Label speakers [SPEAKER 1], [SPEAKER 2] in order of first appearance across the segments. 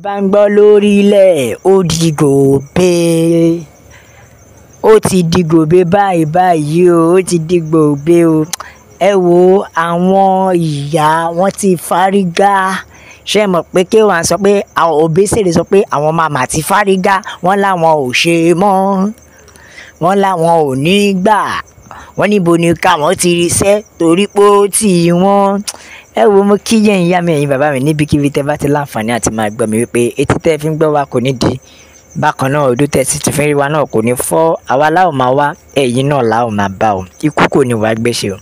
[SPEAKER 1] Gbangbọ́ lórílẹ̀, ó di gòbé. Ó ti di gòbé báyìí báyìí o, ó ti di gòbé o. Ẹ wo àwọn ìyá wọn ti fárígá. Ṣé ẹ mọ̀ pé kí wọn sọ pé àwọn òbésèré sọ pé àwọn màmá ti fárígá, wọ́n láwọn ò ṣe mọ́, wọ́n láwọn ò ní gbà. Wọ́n níbo ni ká wọn ti ríṣẹ́ torí pé ó ti wọn ẹ wo mo kí yẹn ìyá mi ẹ̀yin bàbá mi níbikíbi tẹ́ bá ti láǹfààní àti máa gbọ́ mi wípé etí tẹ́ fi ń gbọ́ wa kò ní di bákan náà ọdún tẹ́ sì ti fi ń rí wa náà kò ní fọ́ àwa láò máa wá ẹ̀yin náà láò máa bá o ikú kò ní wá gbèsè o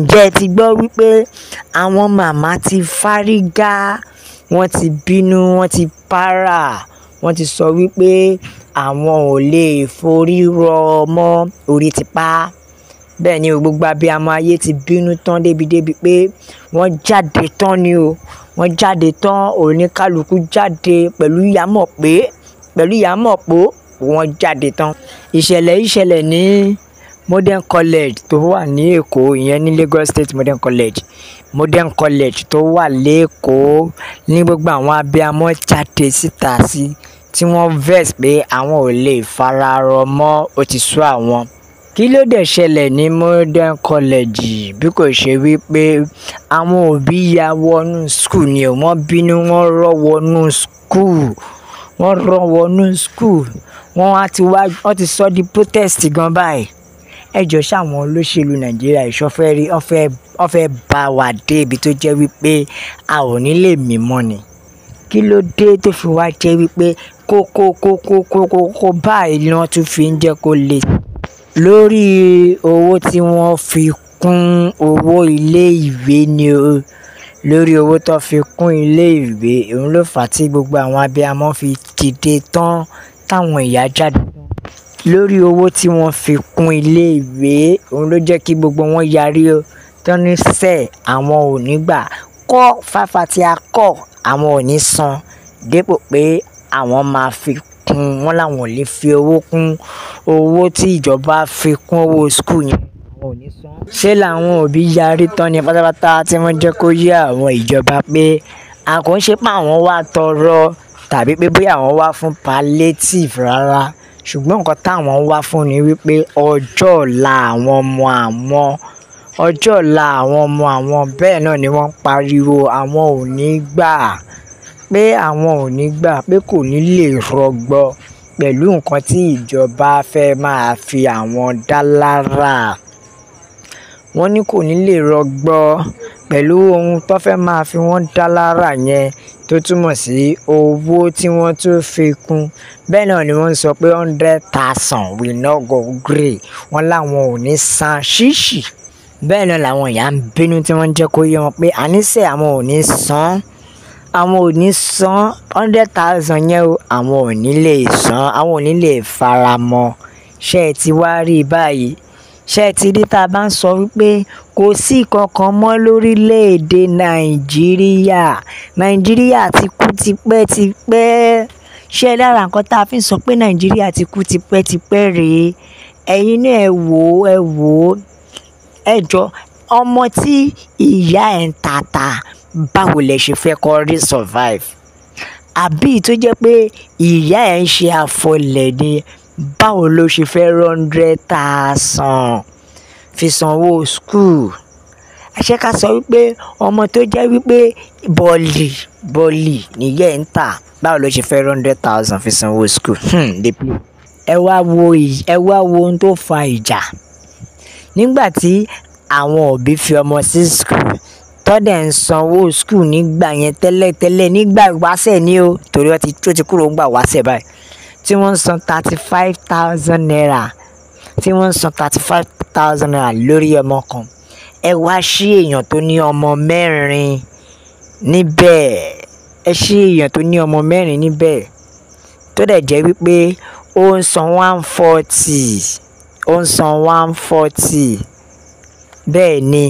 [SPEAKER 1] ǹjẹ́ ẹ ti gbọ́ wípé àwọn màmá ti fárígá wọ́n ti bínú wọ́n ti para wọ́n ti sọ wípé àwọn ò lè forí rọ ọmọ orí ti pa á bẹ́ẹ̀ ni gbogbo abiyamọ ayé ti bínú tán débidébi pé wọ́n jáde tán ni o wọ́n jáde tán oníkálukú jáde pẹ̀lú ìyàmọ̀ pé pẹ̀lú ìyàmọ̀ pé wọ́n jáde tán. ìṣẹ̀lẹ̀ ìṣẹ̀lẹ̀ ní modern college tó wà ní èkó ìyẹn ní Lagos State modern college modern college tó wà lẹ́kọ̀ọ́ ní gbogbo àwọn abiyamọ jáde síta sí tí wọ́n vex pé àwọn ò lè fararọ mọ́ ó àwọn kí ló dé ṣẹlẹ̀ ní modern college bí kò ṣe wípé àwọn òbí ya wọnú skul ni ò wọ́n bínú wọ́n rọ́ wọnú skul wọ́n rọ́ wọnú skul wọ́n á ti wá wọ́n ti sọ di protest gan báyìí ẹjọ́ sáwọn olóṣèlú nàìjíríà ìṣọ́fẹ́ rí ọ̀fẹ́ ọ̀fẹ́ bá wa dé ibi tó jẹ́ wípé a ò ní lè mí mọ́ ni kí ló dé tó fi wá jẹ́ wípé kókókókókókó báyìí ni wọ́n tún fi ń jẹ́ kó le lórí owó tí wọ́n fi kún owó iléìwé ni o lórí owó tó fi kún iléìwé òun ló fà á tí gbogbo àwọn abiyamọ fi dìde tán táwọn ìyá jáde tán lórí owó tí wọ́n fi kún iléìwé òun ló jẹ́ kí gbogbo wọn yarí o tó ní sẹ́ àwọn ò ní gbà kọ́ fáfá tí a kọ́ àwọn ò ní san dépò pé àwọn máa fi kún wọ́n láwọn ò lè fi owó kún owó tí ìjọba fi kún owó school yẹn àwọn ò ní san. ṣé làwọn òbí yarí tán ni pátápátá tí wọ́n jẹ́ kó yé àwọn ìjọba pé àkóńṣe pé àwọn wá tọrọ tàbí pé bóyá àwọn wá fún palliative rárá ṣùgbọ́n nǹkan táwọn wá fún ni wípé ọjọ́ ọ̀la àwọn ọmọ àwọn ọjọ́ ọ̀la àwọn ọmọ àwọn bẹ́ẹ̀ náà ni wọ́n pariwo àwọn ò ní gbà pé àwọn ò ní gbà pé kò ní lè rọgbọ pẹ̀lú nǹkan tí ìjọba fẹ́ máa fi àwọn dá lára wọ́n ní kò ní lè rọgbọ pẹ̀lú ohun tó fẹ́ máa fi wọ́n dá lára yẹn tó túmọ̀ sí owó tí wọ́n tún fi kún bẹ́ẹ̀ náà ni wọ́n sọ pé hundred thousand will not go grey wọ́n láwọn ò ní san ṣíṣì bẹ́ẹ̀ náà làwọn ìyá ń bínú tí wọ́n jẹ́ kó yé wọn pé àníṣe àwọn ò ní san àwọn ò ní san hundred thousand yẹn o àwọn ò ní lè san àwọn ò ní lè faramọ́. Ṣé ẹ ti wá rí báyìí? Ṣé ẹ ti rí tá a bá ń sọ wípé kò sí ìkankan mọ́ lórílẹ̀-èdè Nàìjíríà. Nàìjíríà ti kú tipẹ́tipẹ́. Ṣé ẹ lára nǹkan tá a fi ń sọ pé Nàìjíríà ti kú tipẹ́tipẹ́ rèé? Ẹ̀yin náà ẹ wò ó, ẹ wò ó. Ẹ jọ ọmọ tí ìyá ẹ̀ ń tàtà báwo lẹ ṣe fẹ́ kó rí survive àbí tó jẹ́ pé ìyá ẹ̀ ń ṣe àfọlẹ̀ ni báwo ló ṣe fẹ́ hundred thousand fi sanwó school àṣẹ ká sọ wípé ọmọ tó jẹ́ wípé bọ́ọ̀lì bọ́ọ̀lì nìyẹn ń tà báwo ló ṣe fẹ́ hundred thousand fi sanwó school hmm, ẹ wá wo ẹ wá wo ohun tó fa ìjà nígbà tí àwọn òbí fi ọmọ sí school tọ́dẹ̀ ń sanwó skul nígbà yẹn tẹ́lẹ̀tẹ́lẹ̀ nígbà ìwáṣẹ̀ ni o torí wọ́n tó ti kúrò ńgbà ìwáṣẹ̀ báyìí tí wọ́n ń san thirty five thousand naira tí wọ́n ń san thirty five thousand naira lórí ọmọ kan ẹ wá sí èèyàn tó ní ọmọ mẹ́rin níbẹ̀ ẹ sí èèyàn tó ní ọmọ mẹ́rin níbẹ̀ tó dẹ̀ jẹ́ wípé ó ń san one forty ó ń san one forty bẹ́ẹ̀ ni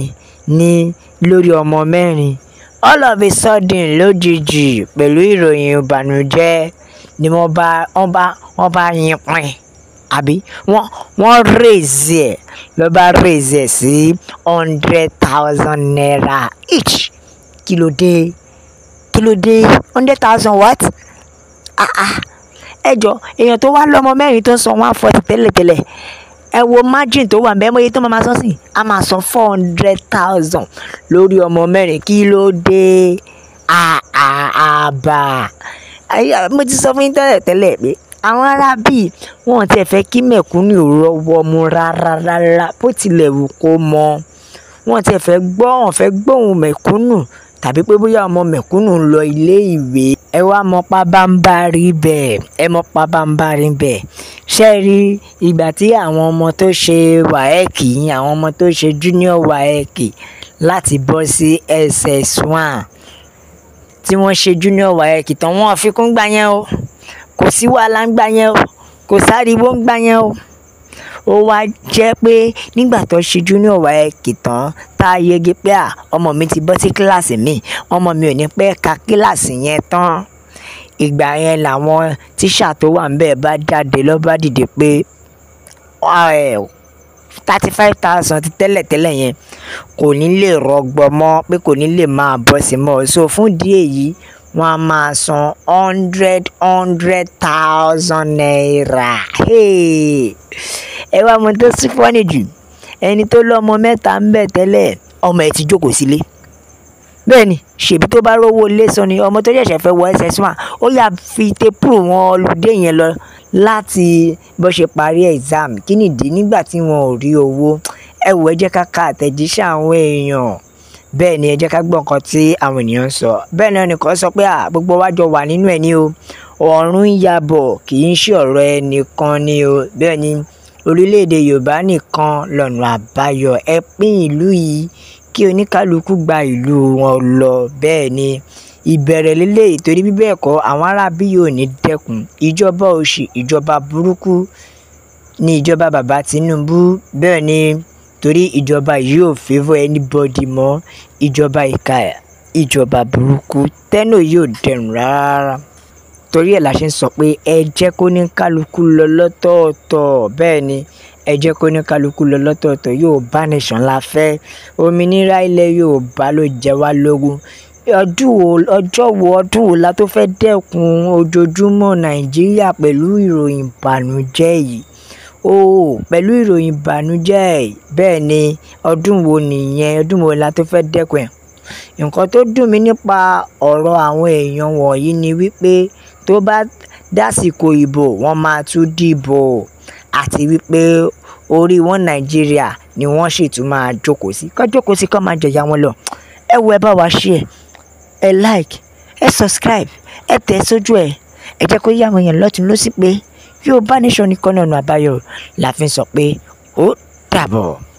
[SPEAKER 1] ní lórí ọmọ mẹ́rin all of a sudden lójijì pẹ̀lú ìròyìn ìbànújẹ́ ni wọ́n bá wọ́n bá wọ́n bá yín pin àbí wọ́n wọ́n raise ẹ̀ ló bá raise ẹ̀ sí hundred thousand naira each kí ló dé kí ló dé hundred thousand what ah ah ẹ jọ èèyàn tó wá lọ́mọ mẹ́rin tó ń san one forty tẹ́lẹ̀tẹ́lẹ̀ ẹ wo margin tó wà ń bẹ mọ́ iye tó máa san sí a máa san four hundred thousand lórí ọmọ mẹ́rin kí ló dé àbà mo ti sọ fún yín tẹ́lẹ̀ tẹ́lẹ̀ pé àwọn arábì wọn ti fẹ́ kí mẹ̀kúnnù rọwọ́ mu rárá rárá bó tilẹ̀ wù kó mọ wọn ti fẹ́ gbọ́ wọn fẹ́ gbóhùn mẹ̀kúnnù tàbí pé bóyá ọmọ mẹ̀kúnnù ń lọ ilé ìwé ẹ wá mọ pabambarí bẹ́ẹ̀ ẹ mọ pabambarí bẹ́ẹ̀ ṣe rí ìgbà tí àwọn ọmọ tó ṣe wáẹ́ẹ̀kì yín e àwọn ọmọ tó ṣe junior wáẹ́ẹ̀kì e láti bọ́ sí ss1 tí wọ́n ṣe junior wáẹ́ẹ̀kì e tán wọ́n fi kún gbà yẹn o kò sí wàhálà ń gbà yẹn o kò sáriwo ń gbà yẹn o ó wá jẹ́ pé nígbà tó ṣe junior WAEC tán tá a yege pé à ọmọ mi ti bọ́ sí kíláàsì mi ọmọ mi ò ní pẹ́ ka kíláàsì yẹn tán ìgbà yẹn làwọn tíṣà tó wà ń bẹ́ẹ̀ bá jáde lọ́ bá dìde pé thirty five thousand ti tẹ́lẹ̀ tẹ́lẹ̀ yẹn kò ní lè rọgbọ mọ́ pé kò ní lè máa bọ́ sí mọ́ so fún díẹ̀ yìí wọ́n á máa san hundred hundred thousand naira. ẹ wá mo tó sí fọ́nì jù ẹni tó lọ́mọ mẹ́ta ń bẹ̀ tẹ́lẹ̀ ọmọ ẹ̀ ti jókòó sílé bẹ́ẹ̀ ni ṣèbí tó bá rówó lẹ́sàn ni ọmọ tó ṣẹ̀ṣẹ̀ fẹ́ wọ ss1 ó yà fi tépù wọn olùdé yẹn lọ láti bó ṣe parí exam kí nìdí nígbà tí wọn ò rí owó ẹ wò ẹ jẹ́ ká ka àtẹ̀jíṣẹ́ àwọn èèyàn bẹ́ẹ̀ ni ẹ jẹ́ ká gbọ́ nǹkan tí àwọn ènìyàn ń sọ bẹ́ẹ̀ náà nìkan sọ pé gbogbo wa jọ wà nínú ẹ̀ ní o ọ̀run ya bọ̀ kì í ṣe ọ̀rọ̀ ẹnìkan ni o bẹ́ẹ̀ ni orílẹ̀-èdè yorùbá nìkan lọ́nà àbáyọ ẹ pín ìlú yìí kí oníkálukú gba ìlú wọn lọ bẹ́ẹ̀ ni ìbẹ̀rẹ̀ lélẹ̀ torí bíbẹ̀ ẹ̀kọ́ àwọn aráabí yóò ní dẹ́kun ìjọba òṣì ìjọba burúkú ni ìjọba bàbá Tinubu bẹ́ẹ̀ ni torí ìjọba yìí ò favour anybody mọ́ ìjọba ìka ìjọba burúkú tẹ́nù yìí ò dẹrùn rárá torí ẹ̀ la ṣe ń sọ pé ẹ jẹ́ kó ní kálukú lọ lọ́tọ̀ọ̀tọ̀ bẹ́ẹ̀ ni ẹ jẹ́ kó ní kálukú lọ lọ́tọ̀ọ̀tọ̀ Yorùbá nation la fẹ́ òmìnira ilẹ̀ Yorùbá ló jẹ wá lógún ọdún ọjọ́ wo ọdún wo la tó fẹ́ dẹ́kun ojoojúmọ́ Nàìjíríà pẹ̀lú ìròyìn ìbànújẹ́ yìí ooo pẹ̀lú ìròyìn ìbànújẹ́ bẹ́ẹ̀ ni ọdún wo nìyẹn ọdún wo la tó fẹ́ dẹ́kun ẹ̀. nǹkan tó dùn mí nípa ọ̀rọ̀ àwọn èèyàn wọ̀nyí ni wípé tó bá dásìkò ìbò wọ́n máa tún dìbò àti wípé orí wọn nàìjíríà ni wọ́n sì tún máa jókòó sí kọ́ jókòó sí kọ́ máa jẹ̀yà wọn lọ ẹ wo ẹ bá wa share ẹ like ẹ subscribe ẹ tẹ̀ sójú ẹ ẹ jẹ́ kó yá àwọn èèyàn lọ́tún lọ́sí pé Yorùbá Nation nìkan náà ọ̀nà àbáyọ la fi ń sọ pé ó dàbọ̀.